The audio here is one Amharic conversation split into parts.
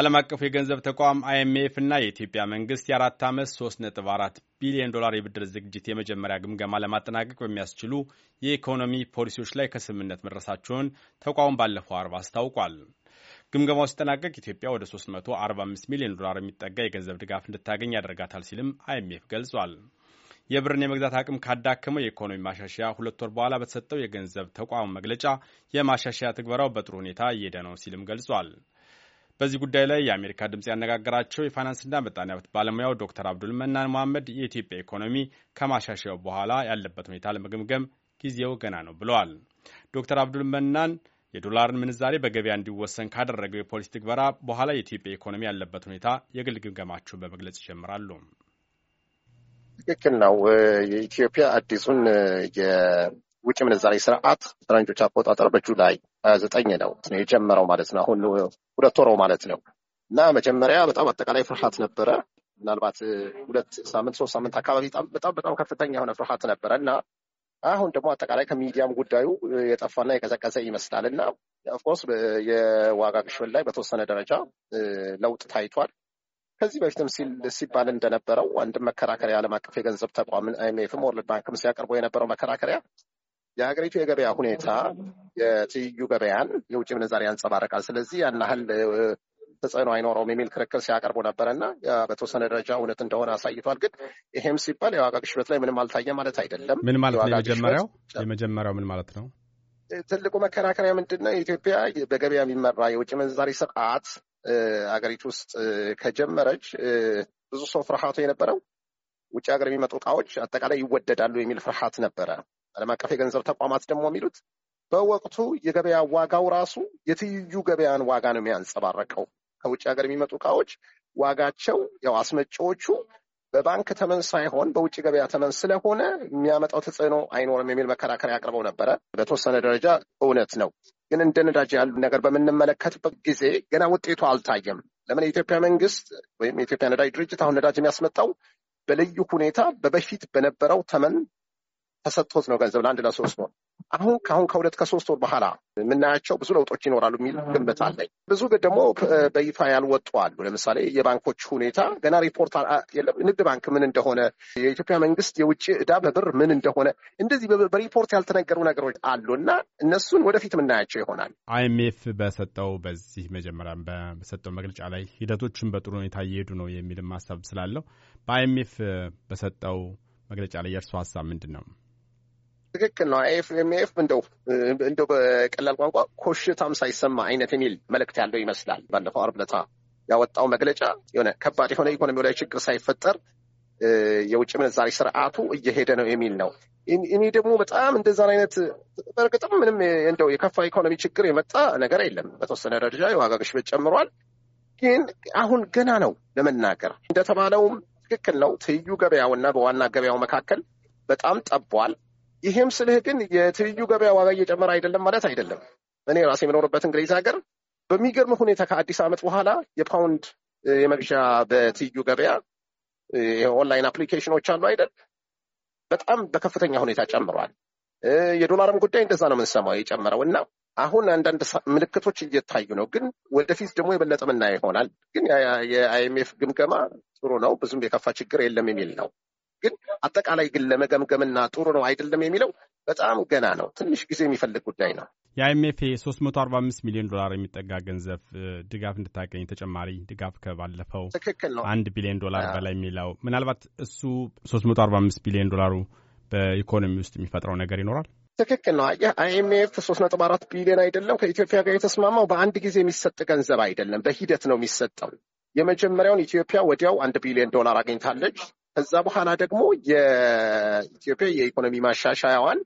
ዓለም አቀፉ የገንዘብ ተቋም አይኤምኤፍ እና የኢትዮጵያ መንግስት የአራት ዓመት 3.4 ቢሊዮን ዶላር የብድር ዝግጅት የመጀመሪያ ግምገማ ለማጠናቀቅ በሚያስችሉ የኢኮኖሚ ፖሊሲዎች ላይ ከስምምነት መድረሳቸውን ተቋሙ ባለፈው አርብ አስታውቋል። ግምገማው ሲጠናቀቅ ኢትዮጵያ ወደ 345 ሚሊዮን ዶላር የሚጠጋ የገንዘብ ድጋፍ እንድታገኝ ያደርጋታል ሲልም አይኤምኤፍ ገልጿል። የብርን የመግዛት አቅም ካዳከመው የኢኮኖሚ ማሻሻያ ሁለት ወር በኋላ በተሰጠው የገንዘብ ተቋሙ መግለጫ የማሻሻያ ትግበራው በጥሩ ሁኔታ እየሄደ ነው ሲልም ገልጿል። በዚህ ጉዳይ ላይ የአሜሪካ ድምፅ ያነጋገራቸው የፋይናንስና ምጣኔ ሀብት ባለሙያው ዶክተር አብዱል መናን መሐመድ የኢትዮጵያ ኢኮኖሚ ከማሻሻያው በኋላ ያለበት ሁኔታ ለመገምገም ጊዜው ገና ነው ብለዋል። ዶክተር አብዱል መናን የዶላርን ምንዛሬ በገበያ እንዲወሰን ካደረገው የፖሊሲ ትግበራ በኋላ የኢትዮጵያ ኢኮኖሚ ያለበት ሁኔታ የግል ግምገማቸውን በመግለጽ ይጀምራሉ። ትክክል ነው። የኢትዮጵያ አዲሱን ውጭ ምንዛሬ ስርዓት ፈረንጆች አቆጣጠር በጁላይ ዘጠኝ ነው የጀመረው ማለት ነው። አሁን ሁለት ወረው ማለት ነው እና መጀመሪያ በጣም አጠቃላይ ፍርሃት ነበረ። ምናልባት ሁለት ሳምንት ሶስት ሳምንት አካባቢ በጣም በጣም ከፍተኛ የሆነ ፍርሃት ነበረ እና አሁን ደግሞ አጠቃላይ ከሚዲያም ጉዳዩ የጠፋና የቀዘቀዘ ይመስላል እና ኦፍኮርስ የዋጋ ግሽበት ላይ በተወሰነ ደረጃ ለውጥ ታይቷል። ከዚህ በፊትም ሲባል እንደነበረው አንድም መከራከሪያ ዓለም አቀፍ የገንዘብ ተቋም አይኤምኤፍም ወርልድ ባንክም ሲያቀርበው የነበረው መከራከሪያ የሀገሪቱ የገበያ ሁኔታ የትይዩ ገበያን የውጭ ምንዛሪ ያንጸባርቃል። ስለዚህ ያን ያህል ተጽዕኖ አይኖረውም የሚል ክርክር ሲያቀርቡ እና በተወሰነ ደረጃ እውነት እንደሆነ አሳይቷል። ግን ይሄም ሲባል የዋጋ ግሽበት ላይ ምንም አልታየ ማለት አይደለም። ምን ማለት ነው? የመጀመሪያው የመጀመሪያው ምን ማለት ነው? ትልቁ መከራከሪያ ምንድን ነው? የኢትዮጵያ በገበያ የሚመራ የውጭ ምንዛሪ ስርዓት አገሪቱ ውስጥ ከጀመረች ብዙ ሰው ፍርሃቱ የነበረው ውጭ ሀገር የሚመጡ እቃዎች አጠቃላይ ይወደዳሉ የሚል ፍርሃት ነበረ። ዓለም አቀፍ የገንዘብ ተቋማት ደግሞ የሚሉት በወቅቱ የገበያ ዋጋው ራሱ የትይዩ ገበያን ዋጋ ነው የሚያንጸባረቀው። ከውጭ ሀገር የሚመጡ እቃዎች ዋጋቸው ያው አስመጪዎቹ በባንክ ተመን ሳይሆን በውጭ ገበያ ተመን ስለሆነ የሚያመጣው ተጽዕኖ አይኖርም የሚል መከራከሪያ አቅርበው ነበረ። በተወሰነ ደረጃ እውነት ነው፣ ግን እንደ ነዳጅ ያሉ ነገር በምንመለከትበት ጊዜ ገና ውጤቱ አልታየም። ለምን የኢትዮጵያ መንግስት ወይም የኢትዮጵያ ነዳጅ ድርጅት አሁን ነዳጅ የሚያስመጣው በልዩ ሁኔታ በበፊት በነበረው ተመን ተሰጥቶት ነው ገንዘብ ለአንድ ለሶስት ወር። አሁን ከአሁን ከሁለት ከሶስት ወር በኋላ የምናያቸው ብዙ ለውጦች ይኖራሉ የሚል ግምት አለኝ። ብዙ ደግሞ በይፋ ያልወጡ አሉ። ለምሳሌ የባንኮች ሁኔታ ገና ሪፖርት የለም። ንግድ ባንክ ምን እንደሆነ፣ የኢትዮጵያ መንግስት የውጭ ዕዳ በብር ምን እንደሆነ፣ እንደዚህ በሪፖርት ያልተነገሩ ነገሮች አሉ እና እነሱን ወደፊት የምናያቸው ይሆናል። አይኤምኤፍ በሰጠው በዚህ መጀመሪያ በሰጠው መግለጫ ላይ ሂደቶችን በጥሩ ሁኔታ እየሄዱ ነው የሚልም ሀሳብ ስላለው በአይኤምኤፍ በሰጠው መግለጫ ላይ የእርሱ ሀሳብ ምንድን ነው? ትክክል ነው። ኤፍኤምኤፍ እንደው እንደው በቀላል ቋንቋ ኮሽታም ሳይሰማ አይነት የሚል መልእክት ያለው ይመስላል። ባለፈው አርብ ዕለት ያወጣው መግለጫ የሆነ ከባድ የሆነ ኢኮኖሚው ላይ ችግር ሳይፈጠር የውጭ ምንዛሪ ስርዓቱ እየሄደ ነው የሚል ነው። እኔ ደግሞ በጣም እንደዛን አይነት በእርግጥም ምንም እንደው የከፋ ኢኮኖሚ ችግር የመጣ ነገር የለም። በተወሰነ ደረጃ የዋጋ ግሽበት ጨምሯል። ግን አሁን ገና ነው ለመናገር እንደተባለውም ትክክል ነው። ትይዩ ገበያውና በዋና ገበያው መካከል በጣም ጠቧል። ይሄም ስልህ ግን የትይዩ ገበያ ዋጋ እየጨመረ አይደለም ማለት አይደለም። እኔ ራሴ የምኖርበት እንግሊዝ ሀገር በሚገርም ሁኔታ ከአዲስ ዓመት በኋላ የፓውንድ የመግዣ በትይዩ ገበያ የኦንላይን አፕሊኬሽኖች አሉ አይደል፣ በጣም በከፍተኛ ሁኔታ ጨምሯል። የዶላርም ጉዳይ እንደዛ ነው የምንሰማው የጨመረው እና አሁን አንዳንድ ምልክቶች እየታዩ ነው። ግን ወደፊት ደግሞ የበለጠ ምናየው ይሆናል። ግን የአይኤምኤፍ ግምገማ ጥሩ ነው፣ ብዙም የከፋ ችግር የለም የሚል ነው። ግን አጠቃላይ ግን ለመገምገምና ጥሩ ነው አይደለም የሚለው በጣም ገና ነው። ትንሽ ጊዜ የሚፈልግ ጉዳይ ነው። የአይኤምኤፍ 345 ሚሊዮን ዶላር የሚጠጋ ገንዘብ ድጋፍ እንድታገኝ ተጨማሪ ድጋፍ ከባለፈው ትክክል ነው አንድ ቢሊዮን ዶላር በላይ የሚለው ምናልባት እሱ 345 ቢሊዮን ዶላሩ በኢኮኖሚ ውስጥ የሚፈጥረው ነገር ይኖራል። ትክክል ነው። አይኤምኤፍ ሶስት ነጥብ አራት ቢሊዮን አይደለም ከኢትዮጵያ ጋር የተስማማው በአንድ ጊዜ የሚሰጥ ገንዘብ አይደለም፣ በሂደት ነው የሚሰጠው። የመጀመሪያውን ኢትዮጵያ ወዲያው አንድ ቢሊዮን ዶላር አግኝታለች። ከዛ በኋላ ደግሞ የኢትዮጵያ የኢኮኖሚ ማሻሻያዋን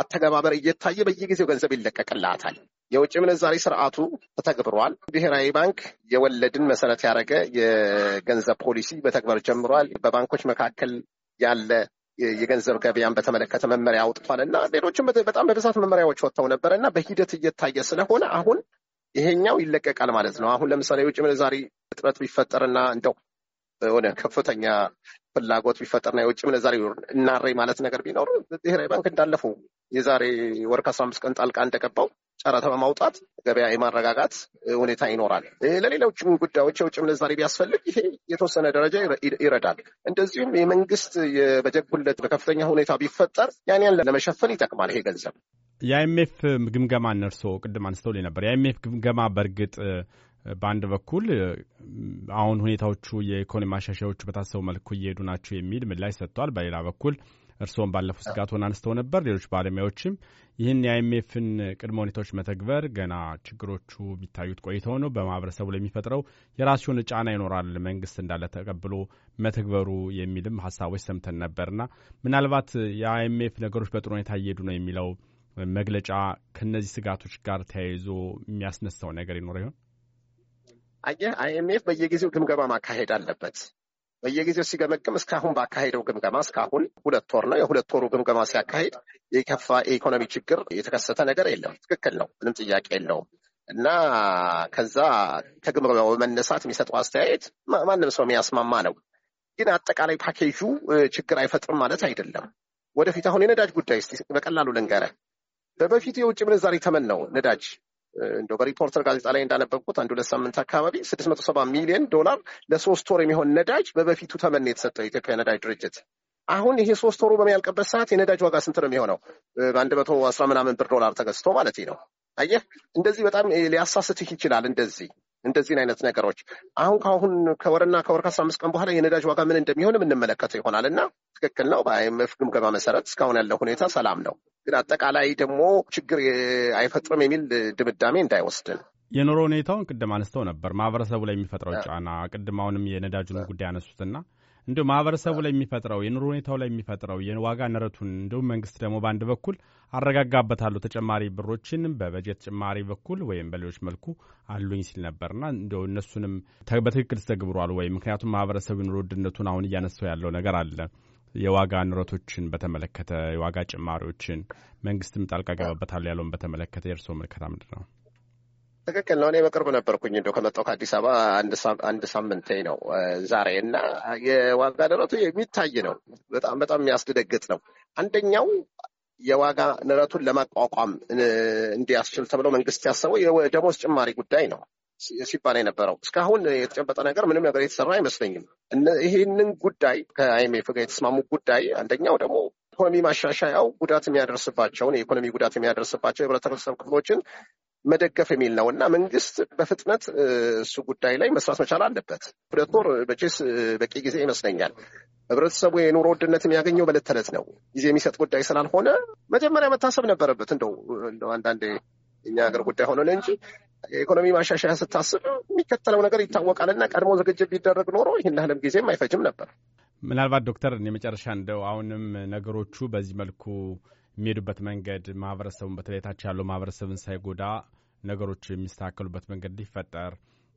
አተገባበር እየታየ በየጊዜው ገንዘብ ይለቀቅላታል። የውጭ ምንዛሬ ስርዓቱ ተተግብሯል። ብሔራዊ ባንክ የወለድን መሰረት ያደረገ የገንዘብ ፖሊሲ በተግባር ጀምሯል። በባንኮች መካከል ያለ የገንዘብ ገበያን በተመለከተ መመሪያ አውጥቷል እና ሌሎችም በጣም በብዛት መመሪያዎች ወጥተው ነበረ እና በሂደት እየታየ ስለሆነ አሁን ይሄኛው ይለቀቃል ማለት ነው። አሁን ለምሳሌ የውጭ ምንዛሪ እጥረት ቢፈጠርና እንደው የሆነ ከፍተኛ ፍላጎት ቢፈጠርና የውጭ ምንዛሪ እናሬ ማለት ነገር ቢኖር ብሔራዊ ባንክ እንዳለፈው የዛሬ ወር ከአስራ አምስት ቀን ጣልቃ እንደገባው ጨረታ በማውጣት ገበያ የማረጋጋት ሁኔታ ይኖራል። ለሌሎችም ጉዳዮች የውጭ ምንዛሬ ቢያስፈልግ ይሄ የተወሰነ ደረጃ ይረዳል። እንደዚሁም የመንግስት የበጀት ጉድለት በከፍተኛ ሁኔታ ቢፈጠር ያንን ለመሸፈን ይጠቅማል ይሄ ገንዘብ። የአይኤምኤፍ ግምገማ እነርሶ ቅድም አንስተው ነበር። የአይኤምኤፍ ግምገማ በእርግጥ በአንድ በኩል አሁን ሁኔታዎቹ የኢኮኖሚ ማሻሻያዎቹ በታሰቡ መልኩ እየሄዱ ናቸው የሚል ምላሽ ሰጥቷል። በሌላ በኩል እርስዎም ባለፉት ሆን አንስተው ነበር። ሌሎች ባለሙያዎችም ይህን የአይኤምኤፍን ቅድመ ሁኔታዎች መተግበር ገና ችግሮቹ ቢታዩት ቆይተው ነው በማህበረሰቡ ለሚፈጥረው የራሱን ጫና ይኖራል መንግስት እንዳለ ተቀብሎ መተግበሩ የሚልም ሀሳቦች ሰምተን ነበርና ምናልባት የአይኤምኤፍ ነገሮች በጥሩ ሁኔታ እየሄዱ ነው የሚለው መግለጫ ከእነዚህ ስጋቶች ጋር ተያይዞ የሚያስነሳው ነገር ይኖረ ይሆን? አየህ አይኤምኤፍ በየጊዜው ግምገማ ማካሄድ አለበት። በየጊዜው ሲገመግም እስካሁን ባካሄደው ግምገማ እስካሁን ሁለት ወር ነው። የሁለት ወሩ ግምገማ ሲያካሄድ የከፋ የኢኮኖሚ ችግር የተከሰተ ነገር የለም። ትክክል ነው። ምንም ጥያቄ የለውም። እና ከዛ ከግምገማው በመነሳት የሚሰጠው አስተያየት ማንም ሰው የሚያስማማ ነው። ግን አጠቃላይ ፓኬጁ ችግር አይፈጥርም ማለት አይደለም። ወደፊት አሁን የነዳጅ ጉዳይ ስ በቀላሉ ልንገረ በበፊት የውጭ ምንዛሪ ተመን ነው ነዳጅ እንደው በሪፖርተር ጋዜጣ ላይ እንዳነበብኩት አንድ ሁለት ሳምንት አካባቢ ስድስት መቶ ሰባ ሚሊዮን ዶላር ለሶስት ወር የሚሆን ነዳጅ በበፊቱ ተመን የተሰጠው የኢትዮጵያ ነዳጅ ድርጅት አሁን ይሄ ሶስት ወሩ በሚያልቅበት ሰዓት የነዳጅ ዋጋ ስንት ነው የሚሆነው? በአንድ መቶ አስራ ምናምን ብር ዶላር ተገዝቶ ማለት ነው። አየህ፣ እንደዚህ በጣም ሊያሳስትህ ይችላል እንደዚህ እንደዚህን አይነት ነገሮች አሁን ከአሁን ከወርና ከወር ከአስራ አምስት ቀን በኋላ የነዳጅ ዋጋ ምን እንደሚሆን የምንመለከተው ይሆናል እና ትክክል ነው። በአይኤምኤፍ ግምገማ መሰረት እስካሁን ያለው ሁኔታ ሰላም ነው፣ ግን አጠቃላይ ደግሞ ችግር አይፈጥርም የሚል ድምዳሜ እንዳይወስድን የኑሮ ሁኔታውን ቅድም አነስተው ነበር ማህበረሰቡ ላይ የሚፈጥረው ጫና ቅድም አሁንም የነዳጁን ጉዳይ አነሱትና እንዲሁም ማህበረሰቡ ላይ የሚፈጥረው የኑሮ ሁኔታው ላይ የሚፈጥረው የዋጋ ንረቱን እንዲሁም መንግስት ደግሞ በአንድ በኩል አረጋጋበታሉ ተጨማሪ ብሮችን በበጀት ጭማሪ በኩል ወይም በሌሎች መልኩ አሉኝ ሲል ነበርና እንደ እነሱንም በትክክል ተገብሯል ወይም ምክንያቱም ማህበረሰቡ የኑሮ ውድነቱን አሁን እያነሳው ያለው ነገር አለ። የዋጋ ንረቶችን በተመለከተ የዋጋ ጭማሪዎችን መንግስትም ጣልቃ ገባበታል ያለውን በተመለከተ የእርስዎ ምልከታ ምንድን ነው? ትክክል ነው። እኔ በቅርብ ነበርኩኝ እንደ ከመጣሁ ከአዲስ አበባ አንድ ሳምንት ነው ዛሬ እና የዋጋ ንረቱ የሚታይ ነው። በጣም በጣም የሚያስደነግጥ ነው። አንደኛው የዋጋ ንረቱን ለማቋቋም እንዲያስችል ተብሎ መንግስት ያሰበው የደሞዝ ጭማሪ ጉዳይ ነው ሲባል የነበረው እስካሁን የተጨበጠ ነገር ምንም ነገር የተሰራ አይመስለኝም። ይህንን ጉዳይ ከአይኤምኤፍ ጋር የተስማሙ ጉዳይ አንደኛው ደግሞ ኢኮኖሚ ማሻሻያው ጉዳት የሚያደርስባቸውን የኢኮኖሚ ጉዳት የሚያደርስባቸው የህብረተሰብ ክፍሎችን መደገፍ የሚል ነው እና መንግስት በፍጥነት እሱ ጉዳይ ላይ መስራት መቻል አለበት። ሁለት ወር በቼስ በቂ ጊዜ ይመስለኛል። ህብረተሰቡ የኑሮ ውድነት የሚያገኘው በዕለት ተዕለት ነው። ጊዜ የሚሰጥ ጉዳይ ስላልሆነ መጀመሪያ መታሰብ ነበረበት። እንደው እንደው አንዳንዴ የኛ ሀገር ጉዳይ ሆነ እንጂ የኢኮኖሚ ማሻሻያ ስታስብ የሚከተለው ነገር ይታወቃልና ቀድሞ ዝግጅት ቢደረግ ኖሮ ይህን ያህልም ጊዜም አይፈጅም ነበር። ምናልባት ዶክተር የመጨረሻ እንደው አሁንም ነገሮቹ በዚህ መልኩ የሚሄዱበት መንገድ ማህበረሰቡን በተለይ ታች ያለው ማህበረሰብን ሳይጎዳ ነገሮች የሚስተካከሉበት መንገድ ሊፈጠር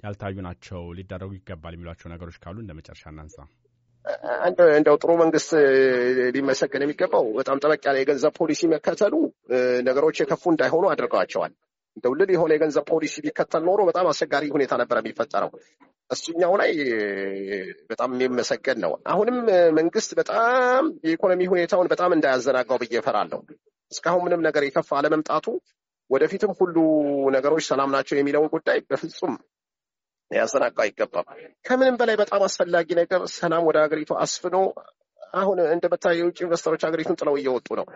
ያልታዩ ናቸው፣ ሊደረጉ ይገባል የሚሏቸው ነገሮች ካሉ እንደ መጨረሻ እናንሳ። እንደው ጥሩ መንግስት ሊመሰገን የሚገባው በጣም ጠበቅ ያለ የገንዘብ ፖሊሲ መከተሉ ነገሮች የከፉ እንዳይሆኑ አድርገዋቸዋል። እንደው ልል የሆነ የገንዘብ ፖሊሲ ቢከተል ኖሮ በጣም አስቸጋሪ ሁኔታ ነበር የሚፈጠረው። እሱኛው ላይ በጣም የሚመሰገን ነው። አሁንም መንግስት በጣም የኢኮኖሚ ሁኔታውን በጣም እንዳያዘናጋው ብዬ እፈራለሁ። እስካሁን ምንም ነገር የከፋ አለመምጣቱ ወደፊትም ሁሉ ነገሮች ሰላም ናቸው የሚለውን ጉዳይ በፍጹም ያዘናጋ አይገባም። ከምንም በላይ በጣም አስፈላጊ ነገር ሰላም ወደ ሀገሪቱ አስፍኖ አሁን እንደምታየው የውጭ ኢንቨስተሮች ሀገሪቱን ጥለው እየወጡ ነው።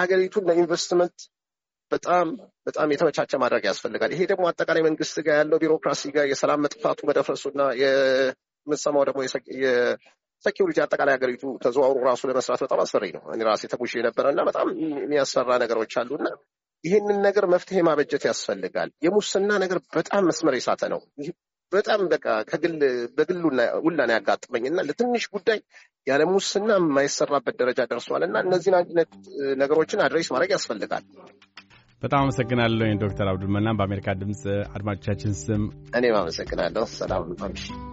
ሀገሪቱን ለኢንቨስትመንት በጣም በጣም የተመቻቸ ማድረግ ያስፈልጋል። ይሄ ደግሞ አጠቃላይ መንግስት ጋር ያለው ቢሮክራሲ ጋር የሰላም መጥፋቱ መደፍረሱና የምሰማው ደግሞ ሴኪሪቲ አጠቃላይ ሀገሪቱ ተዘዋውሮ ራሱ ለመስራት በጣም አስፈሪ ነው። እኔ ራሴ ተጉሽ የነበረ እና በጣም የሚያስፈራ ነገሮች እና ይህንን ነገር መፍትሄ ማበጀት ያስፈልጋል። የሙስና ነገር በጣም መስመር የሳተ ነው። በጣም በቃ ከግል በግል ውላ ነው ያጋጥመኝ እና ለትንሽ ጉዳይ ያለ ሙስና የማይሰራበት ደረጃ ደርሷል እና እነዚህን አይነት ነገሮችን አድሬስ ማድረግ ያስፈልጋል። በጣም አመሰግናለሁ ዶክተር አብዱል በአሜሪካ ድምፅ አድማጮቻችን ስም እኔም አመሰግናለሁ። ሰላም